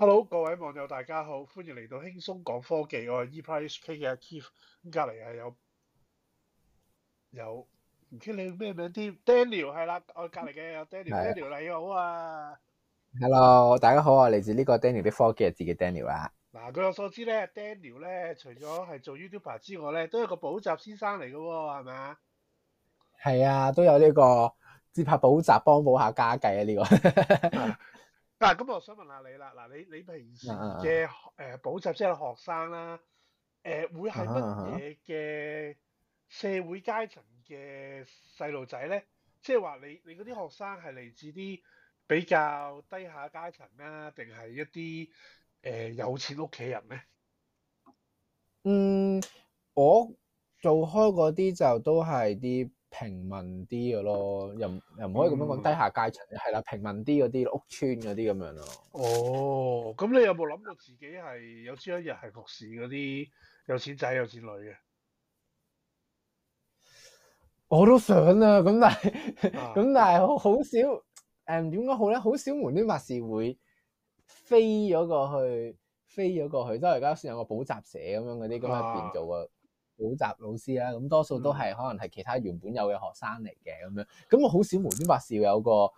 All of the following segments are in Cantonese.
hello，各位網友大家好，歡迎嚟到輕鬆講科技，我係 ePrice HK 嘅阿 Keith，隔籬係有有唔知你咩名添，Daniel 係啦，我隔籬嘅 Daniel，Daniel 你好啊！hello，大家好啊，嚟自呢個 Daniel 啲科技日記 Daniel 啊。嗱，據我所知咧，Daniel 咧除咗係做 YouTuber 之外咧，都係個補習先生嚟㗎喎，係咪？係啊，都有呢、這個接拍補習，幫補下家計啊，呢、這個。 啊嗱，咁我想問下你啦，嗱，你你平時嘅誒補習即係學生啦，誒會係乜嘢嘅社會階層嘅細路仔咧？即係話你你嗰啲學生係嚟自啲比較低下階層呀，定係一啲誒有錢屋企人咧？嗯，我做開嗰啲就都係啲，平民啲嘅咯，又又唔可以咁樣講、嗯、低下階層，係啦，平民啲嗰啲屋村嗰啲咁樣咯。哦，咁你有冇諗過自己係有朝一日係服侍嗰啲有錢仔、有錢女嘅？我都想啊，咁但係咁 但係好少，誒，點講好咧？好少無端白事會飛咗過去，飛咗過去，即係而家算有個補習社咁樣嗰啲咁喺入邊做啊。補習老師啦，咁、嗯、多數都係可能係其他原本有嘅學生嚟嘅，咁樣，咁我好少無端白事有個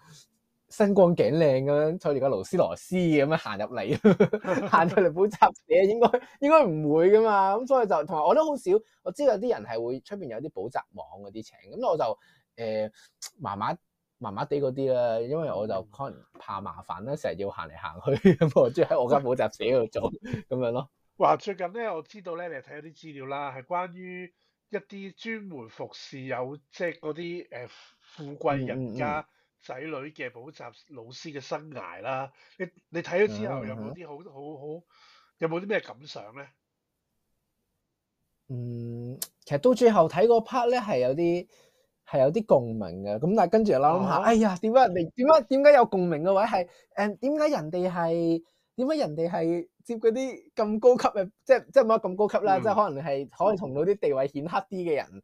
身光頸靚咁樣，坐住個勞斯萊斯咁樣行入嚟，行到嚟補習嘅，應該應該唔會噶嘛，咁所以就同埋我都好少，我知道有啲人係會出邊有啲補習網嗰啲請，咁我就誒，麻麻麻麻地嗰啲啦，因為我就可能怕麻煩啦，成日要行嚟行去，咁我中意喺我間補習社度做，咁樣咯。話最近咧，我知道咧，你睇咗啲資料啦，係關於一啲專門服侍有即係嗰啲誒富貴人家仔女嘅補習老師嘅生涯啦。嗯嗯、你你睇咗之後有有，有冇啲好好好，有冇啲咩感想咧？嗯，其實到最後睇嗰 part 咧，係有啲係有啲共鳴嘅。咁但係跟住又諗下，啊、哎呀，點解你點解點解有共鳴嘅位係誒？點解人哋係？點解人哋係接嗰啲咁高級嘅，即係即係冇得咁高級啦，即係可能係可以同到啲地位顯赫啲嘅人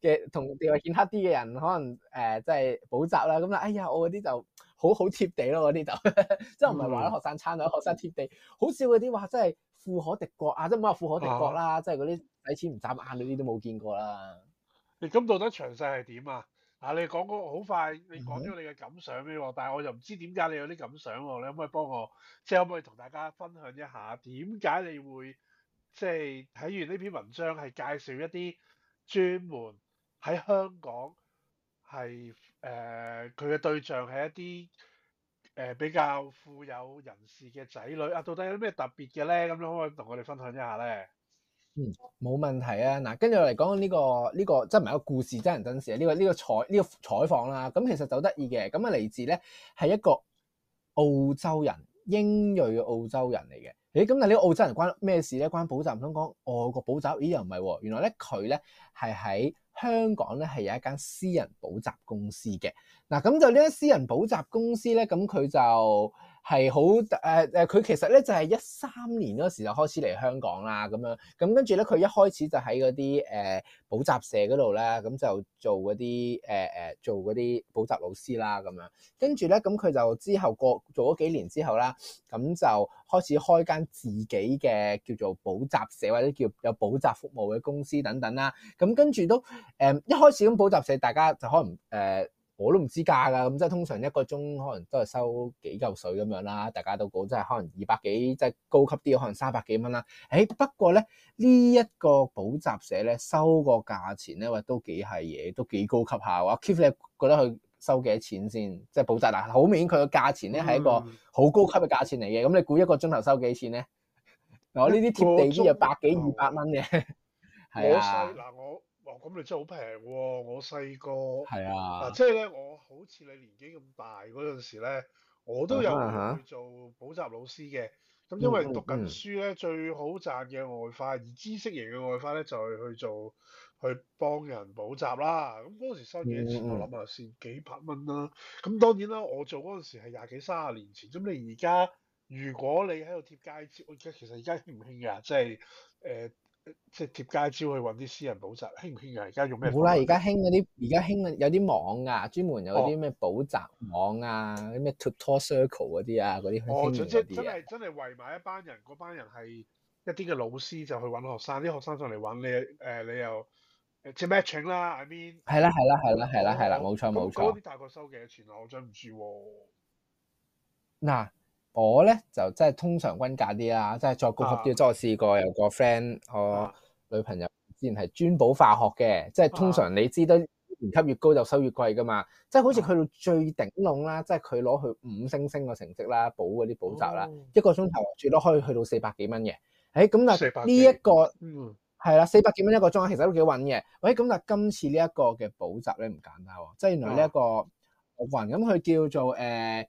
嘅，同地位顯赫啲嘅人可能誒，即係補習啦。咁、嗯、啊，哎呀，我嗰啲就好好貼地咯，嗰啲就 即係唔係話啲學生撐到、嗯、學生貼地，好少嗰啲話真係富可敵國啊，即係冇話富可敵國啦，即係嗰啲使錢唔眨眼嗰啲都冇見過啦。你咁到底詳細係點啊？啊！你講個好快，你講咗你嘅感想畀我。但係我又唔知點解你有啲感想喎，你可唔可以幫我，即係可唔可以同大家分享一下點解你會即係睇完呢篇文章係介紹一啲專門喺香港係誒佢嘅對象係一啲誒、呃、比較富有人士嘅仔女啊？到底有啲咩特別嘅咧？咁樣可唔可以同我哋分享一下咧？嗯，冇問題啊。嗱，跟住我嚟講呢個呢個，真係一個故事，真人真事啊。呢個呢個採呢個採訪啦，咁其實就得意嘅。咁啊，嚟自咧係一個澳洲人，英裔嘅澳洲人嚟嘅。誒，咁但係呢個澳洲人關咩事咧？關補習唔通講外國補習？咦，又唔係喎。原來咧佢咧係喺香港咧係有一間私人補習公司嘅。嗱，咁就呢間私人補習公司咧，咁佢就。係好誒，誒，佢、呃、其實咧就係一三年嗰時就開始嚟香港啦，咁樣，咁跟住咧，佢一開始就喺嗰啲誒補習社嗰度咧，咁就做嗰啲誒誒做嗰啲補習老師啦，咁樣跟住咧，咁佢就之後過做咗幾年之後啦，咁就開始開間自己嘅叫做補習社或者叫有補習服務嘅公司等等啦，咁跟住都誒、呃、一開始咁補習社大家就可能誒。呃我都唔知價㗎，咁即係通常一個鐘可能都係收幾嚿水咁樣啦。大家都估即係可能二百幾，即係高級啲可能三百幾蚊啦。誒，不過咧呢一個補習社咧收個價錢咧，喂都幾係嘢，都幾高級下喎。Keep 你覺得佢收幾多錢先？即係補習啦，好明顯佢個價錢咧係一個好高級嘅價錢嚟嘅。咁，嗯，你估一個鐘頭收幾錢咧？我呢啲貼地啲有百幾二百蚊嘅，係 啊。嗱我。哇！咁、哦、你真係好平喎！我細個，係啊，即係咧，我好似你年紀咁大嗰陣時咧，我都有去做補習老師嘅。咁、嗯、因為讀緊書咧，嗯、最好賺嘅外快，而知識型嘅外快咧，就係、是、去做去幫人補習啦。咁嗰陣時收幾多錢？嗯、我諗下先，幾百蚊啦。咁當然啦，我做嗰陣時係廿幾卅年前。咁你而家如果你喺度貼街招，其實而家唔興㗎，即係誒。呃即係貼街招去搵啲私人補習，興唔興啊？而家用咩？冇喇，而家興嗰啲，而家興有啲網噶，專門有啲咩補習網啊，啲咩 Tutor Circle 嗰啲啊，嗰啲哦，總之真係真係圍埋一班人，嗰班人係一啲嘅老師就去搵學生，啲學生上嚟搵你，誒、呃、你又誒、呃、Matching 啦，I mean 係啦係啦係啦係啦係啦，冇錯冇錯。嗰啲錯錯大個收幾多錢啊？我追唔住喎。嗱。我咧就即係通常均價啲啦，即係再高級啲，即係我試過有個 friend，我女朋友之前係專補化學嘅，即係通常你知得年級越高就收越貴噶嘛，即係好似去到最頂籠啦，即係佢攞去五星星個成績啦，補嗰啲補習啦，哦、一個鐘頭最多可以去到四百幾蚊嘅。誒、嗯、咁、啊，但呢一個係啦，四百幾蚊一個鐘，其實都幾穩嘅。喂，咁但係今次呢一個嘅補習咧唔簡單喎，即係原來呢一個雲咁，佢叫做誒、呃。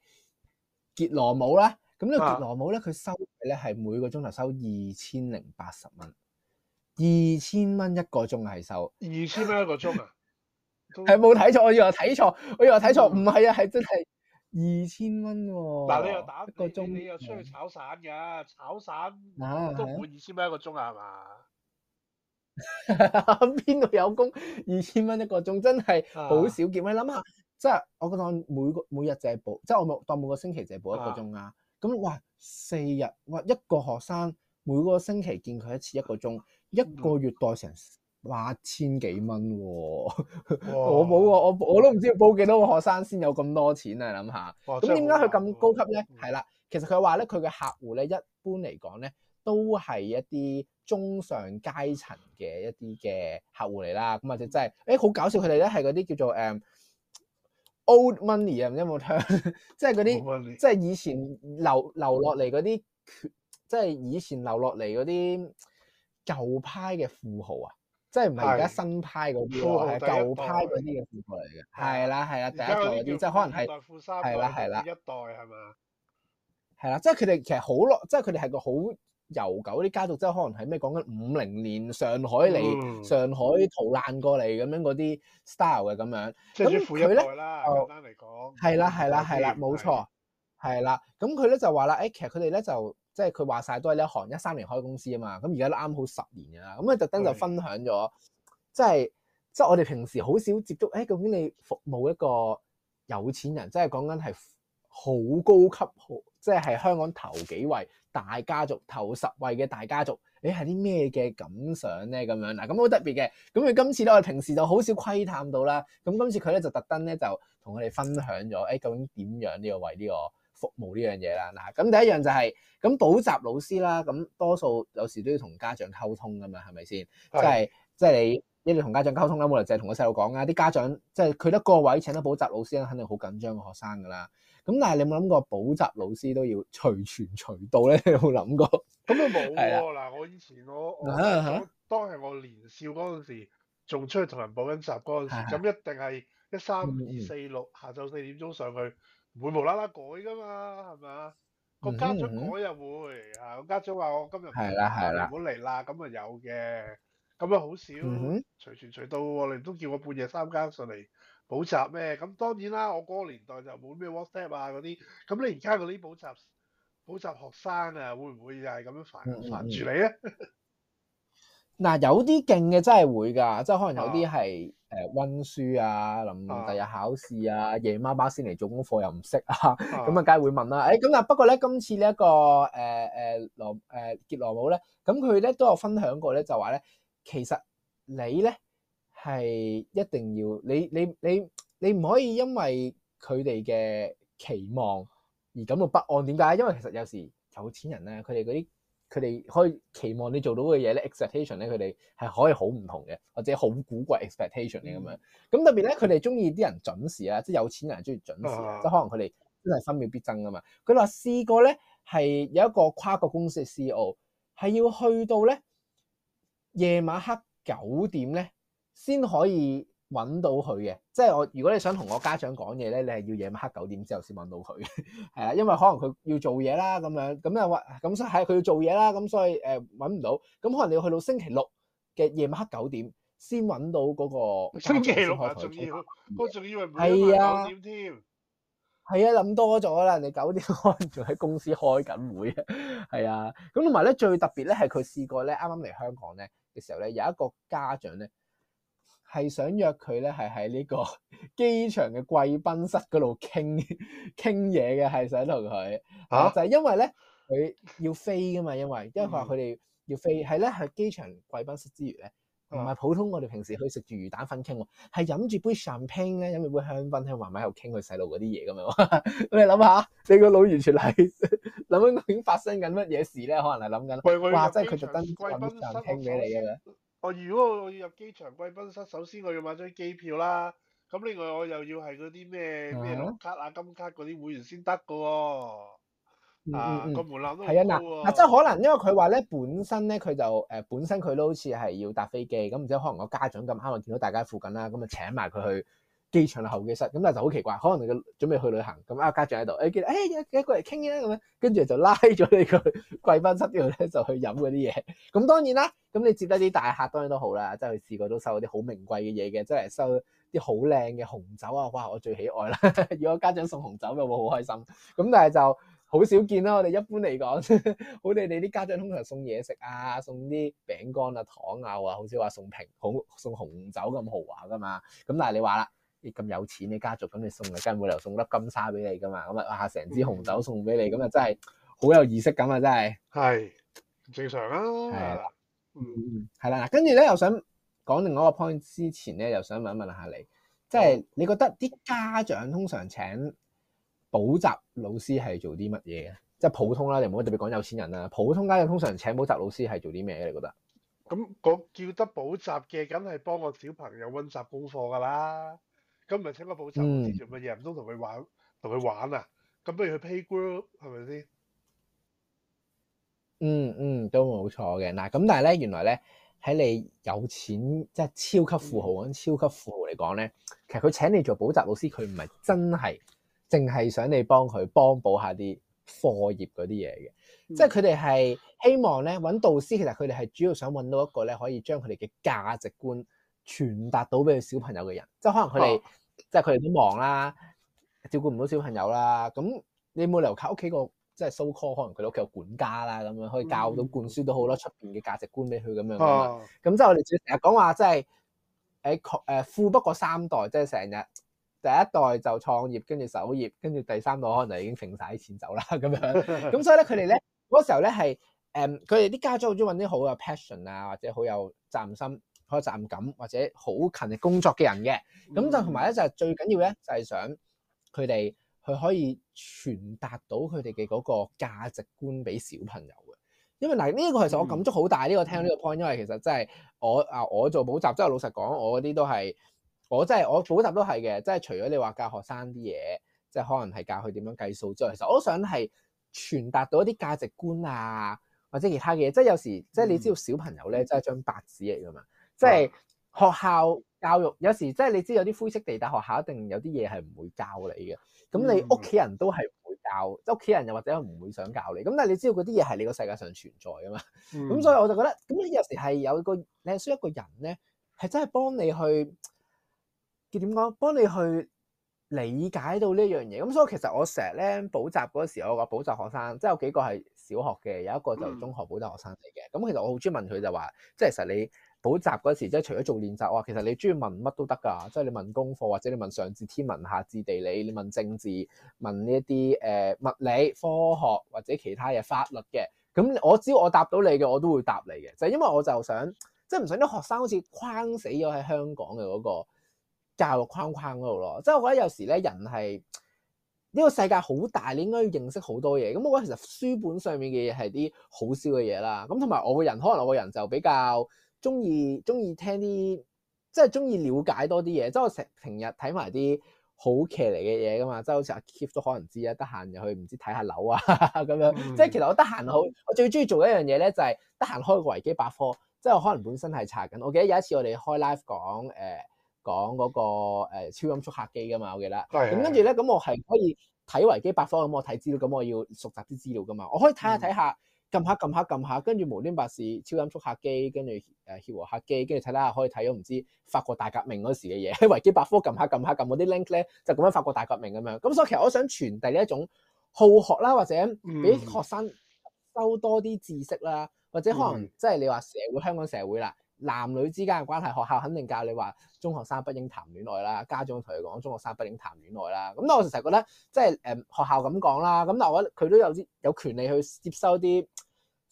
傑羅姆啦，咁呢個傑羅姆咧，佢收費咧係每個鐘頭收二千零八十蚊，二千蚊一個鐘係收二千蚊一個鐘啊？係冇睇錯？我以為睇錯，我以為睇錯，唔係啊，係真係二千蚊喎。嗱，你又打一個鐘，啊，你又出去炒散噶，炒散都唔滿二千蚊一個鐘啊？係嘛？邊度有工二千蚊一個鐘？真係好少見，你諗下。即係我當每個每日淨係補，即係我當每個星期淨係補一個鐘啊！咁的哇，四日哇，一個學生每個星期見佢一次一個鐘，一個月代成八千幾蚊喎！我冇我我都唔知要補幾多個學生先有咁多錢啊！諗下，咁點解佢咁高級咧？係啦、嗯，其實佢話咧，佢嘅客戶咧，一般嚟講咧，都係一啲中上階層嘅一啲嘅客戶嚟啦。咁或者真係，誒好搞笑呢，佢哋咧係嗰啲叫做誒。嗯 old money 啊，唔知有冇聽，即係嗰啲，即係以前留留落嚟嗰啲，嗯、即係以前留落嚟嗰啲舊派嘅富豪啊，即係唔係而家新派嗰啲富豪啊，係舊派嗰啲嘅富豪嚟嘅，係啦係啦，第一代嗰啲，即係可能係富三代，係啦係啦，啊啊、代一代係嘛，係啦，即係佢哋其實好落，即係佢哋係個好。悠久啲家族即係可能係咩講緊五零年上海嚟，嗯、上海逃難過嚟咁樣嗰啲 style 嘅咁樣。咁佢咧，簡單嚟講，係啦係啦係啦，冇錯、哦，係啦。咁佢咧就話啦，誒、哎，其實佢哋咧就即係佢話晒都係呢一行一三年開公司啊嘛。咁而家都啱好十年㗎啦。咁佢特登就分享咗，即係即係我哋平時好少接觸。誒、哎，究竟你服務一個有錢人，即係講緊係好高級，即係係香港頭幾位。大家族頭十位嘅大家族，你係啲咩嘅感想咧？咁樣嗱，咁好特別嘅，咁佢今次咧，我哋平時就好少窺探到啦。咁今次佢咧就特登咧就同我哋分享咗，誒、欸、究竟點樣呢、呢個為呢、呢個服務呢樣嘢啦？嗱，咁第一樣就係、是、咁補習老師啦，咁多數有時都要同家長溝通噶嘛，係咪先？是即係即係你一定同家長溝通啦，冇理由淨係同個細路講啊，啲家長即係佢得個位請得補習老師咧，肯定好緊張個學生噶啦。咁但係你有冇諗過補習老師都要隨傳隨到咧？你有冇諗過？咁 啊冇喎嗱，我以前我嚇嚇、啊，當係我年少嗰陣時，仲出去同人補緊習嗰陣時，咁、啊、一定係一三二四六下晝四點鐘上去，唔會無啦啦改噶嘛，係咪啊？個家長改又會、嗯嗯嗯、啊，個家長話我今日唔係啦，唔好嚟啦，咁啊有嘅，咁啊好少隨傳隨到喎，你都、啊啊、叫我半夜三更上嚟。補習咩？咁當然啦，我嗰個年代就冇咩 WhatsApp 啊嗰啲。咁你而家嗰啲補習補習學生啊，會唔會又係咁樣煩？煩住你咧？嗱，有啲勁嘅真係會㗎，即係可能有啲係誒温書啊，臨第日考試啊，夜媽媽先嚟做功課又唔識啊，咁啊梗係會問啦。誒咁啊，不過咧今次呢一個誒誒羅誒傑羅姆咧，咁佢咧都有分享過咧，就話咧，其實你咧。係一定要你，你你你唔可以因為佢哋嘅期望而感到不安。點解？因為其實有時有錢人咧，佢哋嗰啲佢哋可以期望你做到嘅嘢咧，expectation 咧，佢哋係可以好唔同嘅，或者好古怪 expectation 嘅咁樣。咁特別咧，佢哋中意啲人準時啊，即係有錢人中意準時，即係、嗯、可能佢哋真係分秒必爭㗎嘛。佢話試過咧，係有一個跨國公司嘅 CEO 係要去到咧夜晚黑九點咧，先可以揾到佢嘅，即係我如果你想同我家長講嘢咧，你係要夜晚黑九點之後先揾到佢，係 啊，因為可能佢要做嘢啦，咁樣咁又話咁係佢要做嘢啦，咁所以誒揾唔到，咁可能你要去到星期六嘅夜晚黑九點先揾到。嗰個星期六仲、啊、要，要我仲以為唔係夜晚九點添，係啊諗、啊、多咗啦，你九點可能仲喺公司開緊會 啊，係啊，咁同埋咧最特別咧係佢試過咧，啱啱嚟香港咧嘅時候咧有一個家長咧。係想約佢咧，係喺呢個機場嘅貴賓室嗰度傾傾嘢嘅，係想同佢、啊啊，就係、是、因為咧佢要飛㗎嘛，因為因為佢話佢哋要飛，係咧喺機場貴賓室之餘咧，唔係、啊、普通我哋平時去食住魚蛋粉傾，係飲住杯香檳咧，飲住杯香檳，喺埋喺度傾佢細路嗰啲嘢咁樣。你諗下，你個腦完全係諗緊究竟發生緊乜嘢事咧？可能係諗緊，喂哇！哇真係佢特登揾香檳俾你嘅。哦，如果我要入機場貴賓室，首先我要買張機票啦。咁另外我又要係嗰啲咩咩卡啊、金卡嗰啲會員先得嘅喎。啊，個門檻都係、嗯嗯嗯、啊嗱嗱，即係可能因為佢話咧，本身咧佢就誒本身佢都好似係要搭飛機，咁唔知，不知可能我家長咁啱，見到大家附近啦，咁啊請埋佢去。機場嘅候機室咁，但係就好奇怪，可能你準備去旅行咁啊，家長喺度，誒見誒一幾個人傾啦咁樣，跟住就拉咗你個貴賓室後呢度咧，就去飲嗰啲嘢。咁當然啦，咁你接得啲大客當然都好啦，即係試過都收啲好名貴嘅嘢嘅，即係收啲好靚嘅紅酒啊！哇，我最喜愛啦！如果家長送紅酒嘅，會好開心。咁但係就好少見啦。我哋一般嚟講，好你哋啲家長通常送嘢食啊，送啲餅乾啊、糖啊，好少話送瓶紅送紅酒咁豪華㗎嘛。咁但係你話啦～啲咁有錢嘅家族，咁你送你跟冇理由送粒金沙俾你噶嘛？咁啊，哇！成支紅酒送俾你，咁啊、嗯、真係好有儀式感咁啊！真係係正常啊，係啦的，嗯，係啦。跟住咧又想講另外一個 point 之前咧，又想問一問一下你，即、就、係、是、你覺得啲家長通常請補習老師係做啲乜嘢嘅？嗯、即係普通啦，你唔好特別講有錢人啦。普通家長通常請補習老師係做啲咩？你覺得咁叫得補習嘅，梗係幫個小朋友温習功課㗎啦。咁咪係請個補習師做乜嘢？唔通同佢玩，同佢玩啊？咁不如去 play group 係咪先？嗯嗯，都冇錯嘅。嗱咁，但係咧，原來咧喺你有錢，即係超級富豪嗰種超級富豪嚟講咧，其實佢請你做補習老師，佢唔係真係淨係想你幫佢幫補下啲課業嗰啲嘢嘅。嗯、即係佢哋係希望咧揾導師，其實佢哋係主要想揾到一個咧可以將佢哋嘅價值觀，傳達到俾佢小朋友嘅人，即係可能佢哋，oh. 即係佢哋都忙啦，照顧唔到小朋友啦。咁你冇理由靠屋企個，即係 so-called 可能佢屋企有管家啦，咁樣可以教到灌輸、灌輸到好多出邊嘅價值觀俾佢咁樣。咁、oh. 即係我哋成日講話，即係誒，誒，富不過三代，即係成日第一代就創業，跟住守業，跟住第三代可能就已經揈晒啲錢走啦咁樣。咁 所以咧，佢哋咧嗰時候咧係，誒，佢哋啲家長好中意揾啲好有 passion 啊，或者好有責任心。有責任感或者好勤力工作嘅人嘅咁就同埋咧，就係最緊要咧就係想佢哋佢可以傳達到佢哋嘅嗰個價值觀俾小朋友嘅。因為嗱呢個其實我感觸好大呢個、嗯、聽呢個 point，因為其實真係我啊，我做補習真係、即係、老實講，我嗰啲都係我真係我補習都係嘅。即係除咗你話教學生啲嘢，即係可能係教佢點樣計數之外，其實我都想係傳達到一啲價值觀啊，或者其他嘅嘢。即係有時即係、就是、你知道小朋友咧，即係張白紙嚟㗎嘛。即係學校教育，有時即係你知有啲灰色地帶，學校一定有啲嘢係唔會教你嘅。咁、嗯、你屋企人都係唔會教，嗯、即係屋企人又或者唔會想教你。咁但係你知道嗰啲嘢係你個世界上存在噶嘛。咁、嗯、所以我就覺得，咁你有時係有個你係需要一個人咧，係真係幫你去叫點講，幫你去理解到呢樣嘢。咁所以其實我成日咧補習嗰時，我個補習學生即係有幾個係小學嘅，有一個就中學補習學生嚟嘅。咁、嗯、其實我好中意問佢就話，即係其實你。補習嗰時，即係除咗做練習啊、哦，其實你中意問乜都得㗎。即係你問功課，或者你問上至天文下至地理，你問政治，問呢一啲誒物理、科學或者其他嘢法律嘅。咁我只要我答到你嘅，我都會答你嘅。就係因為我就想，即係唔想啲學生好似框死咗喺香港嘅嗰個教育框框嗰度咯。即係我覺得有時咧，人係呢個世界好大，你應該要認識好多嘢。咁我覺得其實書本上面嘅嘢係啲好少嘅嘢啦。咁同埋我個人可能我個人就比較。中意中意聽啲即係中意了解多啲嘢，即係我成平日睇埋啲好騎離嘅嘢噶嘛，即係好似阿 Keep 都可能知，知看看啊，得閒入去唔知睇下樓啊咁樣。即係其實我得閒好，嗯、我最中意做一樣嘢咧，就係得閒開個維基百科，即係我可能本身係查緊。我記得有一次我哋開 live 講誒、呃、講嗰個超音速客機噶嘛，我記得。咁跟住咧，咁我係可以睇維基百科咁，我睇資料，咁我要熟習啲資料噶嘛。我可以睇下睇下。嗯撳下撳下撳下，跟住無端白事超音速客機，跟住誒協和客機，跟住睇下可以睇到唔知法國大革命嗰時嘅嘢， 維基百科撳下撳下撳嗰啲 link 咧，就咁樣法國大革命咁樣。咁所以其實我想傳遞一種好學啦，或者俾學生收多啲知識啦，嗯、或者可能即係你話社會香港社會啦，嗯、男女之間嘅關係，學校肯定教你話中學生不應談戀愛啦，家長同你講中學生不應談戀愛啦。咁我成日覺得即係誒、嗯、學校咁講啦，咁但我覺得，佢都有啲有權利去接收啲，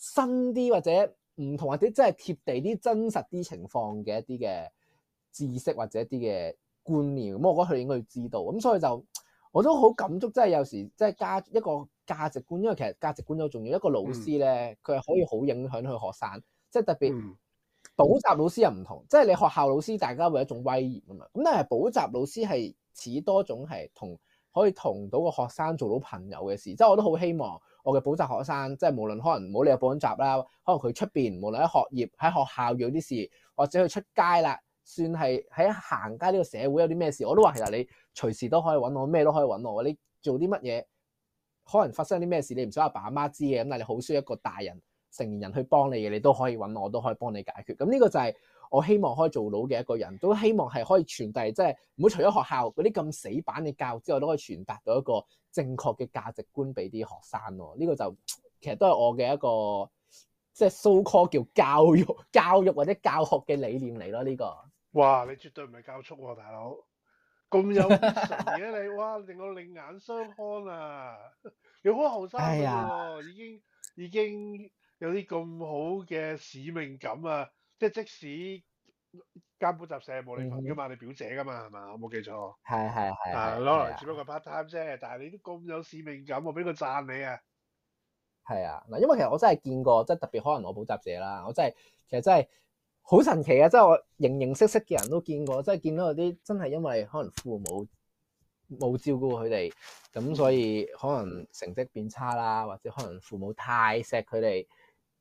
新啲或者唔同，或者真係貼地啲真實啲情況嘅一啲嘅知識或者一啲嘅觀念，咁我覺得佢應該要知道。咁所以就我都好感觸，即係有時即係價一個價值觀，因為其實價值觀都好重要。一個老師咧，佢係可以好影響佢學生，即係特別補習老師又唔同，即係你學校老師大家會有一種威嚴啊嘛。咁但係補習老師係似多種係同。可以同到個學生做到朋友嘅事，即係我都好希望我嘅補習學生，即係無論可能唔好理有冇補習啦，可能佢出邊無論喺學業、喺學校有啲事，或者佢出街啦，算係喺行街呢個社會有啲咩事，我都話其實你隨時都可以揾我，咩都可以揾我。你做啲乜嘢，可能發生啲咩事，你唔想阿爸阿媽知嘅，咁但係你好需要一個大人、成年人去幫你嘅，你都可以揾我，都可以幫你解決。咁呢個就係。我希望可以做到嘅一個人都希望係可以傳遞，即係唔好除咗學校嗰啲咁死板嘅教育之外，都可以傳達到一個正確嘅價值觀俾啲學生咯。呢、這個就其實都係我嘅一個即係、so、so call 叫教育、教育或者教學嘅理念嚟咯。呢、這個哇，你絕對唔係教畜大佬，咁有神嘢 你哇，令我另眼相看啊！你好後生添，已經已經有啲咁好嘅使命感啊！即係，即使間補習社係冇你份㗎嘛，嗯、你表姐㗎嘛，係嘛、嗯？我冇記錯係係係啊，只不過 part time 啫。但係你都咁有使命感，我俾佢讚你啊。係啊，嗱，因為其實我真係見過，即係特別可能我補習社啦，我真係其實真係好神奇啊。即係我形形色色嘅人都見過，即係見，見到有啲真係因為可能父母冇照顧佢哋咁，所以可能成績變差啦，或者可能父母太錫佢哋，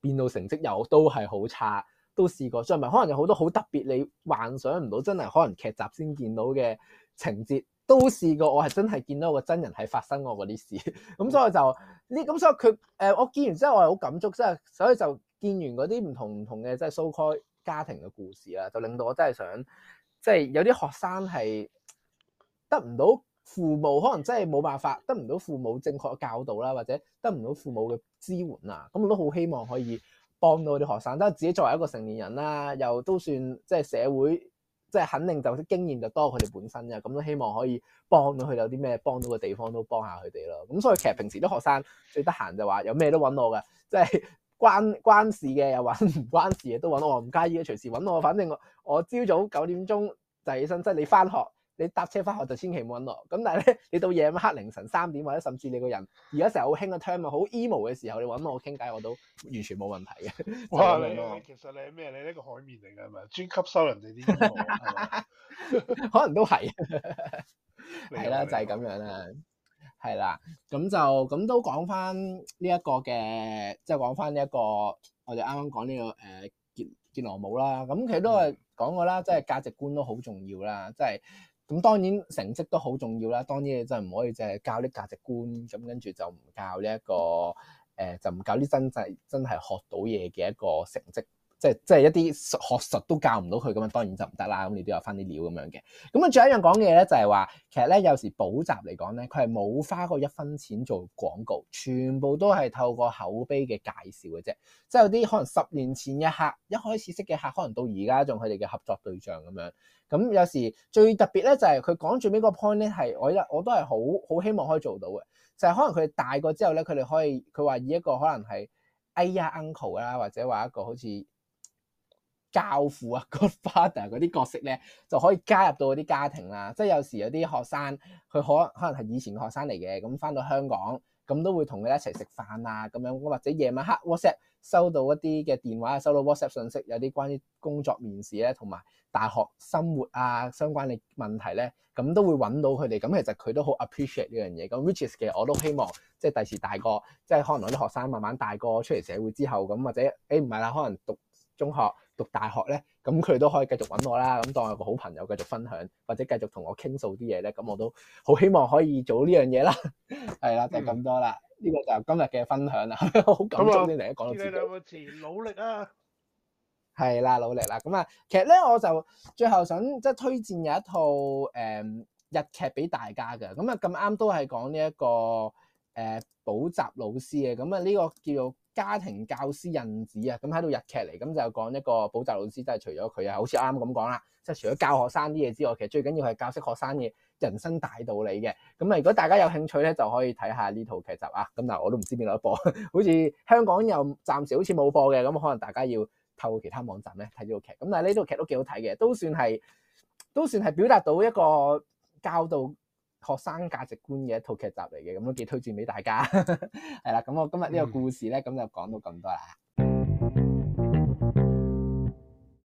變到成績又都係好差。都試過，所以咪可能有好多好特別，你幻想唔到，真係可能劇集先見到嘅情節，都試過。我係真係見到個真人係發生過嗰啲事，咁 所以就呢，咁所以佢誒、呃，我見完之後我係好感觸，即係所以就見完嗰啲唔同唔同嘅即係 showcase 家庭嘅故事啦，就令到我真係想，即係有啲學生係得唔到父母，可能真係冇辦法得唔到父母正確教導啦，或者得唔到父母嘅支援啊，咁我都好希望可以。幫到啲學生，都自己作為一個成年人啦，又都算即係社會，即係肯定就經驗就多佢哋本身嘅，咁都希望可以幫到佢有啲咩，幫到嘅地方都幫下佢哋咯。咁所以其實平時啲學生最得閒就話，有咩都揾我嘅，即係關關事嘅又揾，唔關事嘅都揾我，唔介意嘅隨時揾我，反正我朝早九點鐘就起身，即係你翻學。你搭車翻學就千祈唔好揾我，咁但係咧，你到夜晚黑凌晨三點或者甚至你個人而家成日好興嘅 term 好 emo 嘅時候，你揾我傾偈，我都完全冇問題嘅。就是、哇！你其實你咩？你呢個海綿嚟㗎係咪？專吸收人哋啲可能都係，係 啦，就係、是、咁樣啦，係啦，咁就咁都講翻呢一個嘅、這個這個，即係講翻呢一個我哋啱啱講呢個誒傑傑羅姆啦，咁其實都係講過啦，即係價值觀都好重要啦，即、就、係、是。咁當然成績都好重要啦，當然你真係唔可以淨係教啲價值觀，咁跟住就唔教呢、這、一個，呃、就唔教啲真係真係學到嘢嘅一個成績。即係即係一啲學術都教唔到佢咁啊，當然就唔得啦。咁你都有翻啲料咁樣嘅。咁啊，仲有一樣講嘅嘢咧，就係話其實咧，有時補習嚟講咧，佢係冇花過一分錢做廣告，全部都係透過口碑嘅介紹嘅啫。即係有啲可能十年前嘅客，一開始識嘅客，可能到而家仲係佢哋嘅合作對象咁樣。咁有時最特別咧，就係佢講住呢個 point 咧，係我一我都係好好希望可以做到嘅，就係、是、可能佢大個之後咧，佢哋可以佢話以一個可能係哎呀 uncle 啦，或者話一個好似～教父啊，Godfather 嗰，啊、啲角色咧，就可以加入到啲家庭啦。即係有時有啲學生，佢可可能係以前嘅學生嚟嘅，咁翻到香港，咁都會同佢一齊食飯啊，咁樣，或者夜晚黑 WhatsApp 收到一啲嘅電話，收到，到 WhatsApp 信息，有啲關於工作面試咧，同埋大學生活啊相關嘅問題咧，咁都會揾到佢哋。咁其實佢都好 appreciate 呢樣嘢。咁 which is 嘅，我都希望即係第時大個，即係可能有啲學生慢慢大個出嚟社會之後，咁或者誒唔係啦，可能讀。中學讀大學咧，咁佢都可以繼續揾我啦，咁當我有個好朋友，繼續分享或者繼續同我傾訴啲嘢咧，咁我都好希望可以做呢樣嘢啦。係啦，就係咁多啦，呢個就今日嘅分享啦，好感中先嚟，講到自己。其實有冇前努力啊？係啦，努力啦。咁啊，其實咧，我就最後想即係推薦有一套誒日劇俾大家嘅，咁啊咁啱都係講呢一個誒補習老師嘅，咁啊呢個叫做。家庭教師印子啊，咁喺度日劇嚟，咁就講一個補習老師，真係除咗佢啊，好似啱啱咁講啦，即係除咗教學生啲嘢之外，其實最緊要係教識學生嘅人生大道理嘅。咁啊，如果大家有興趣咧，就可以睇下呢套劇集啊。咁但我都唔知邊度得播，好 似香港又暫時好似冇播嘅，咁可能大家要透過其他網站咧睇呢套劇。咁但係呢套劇都幾好睇嘅，都算係都算係表達到一個教導。學生價值觀嘅一套劇集嚟嘅，咁都幾推薦俾大家。係 啦，咁我今日呢個故事呢，咁就講到咁多啦。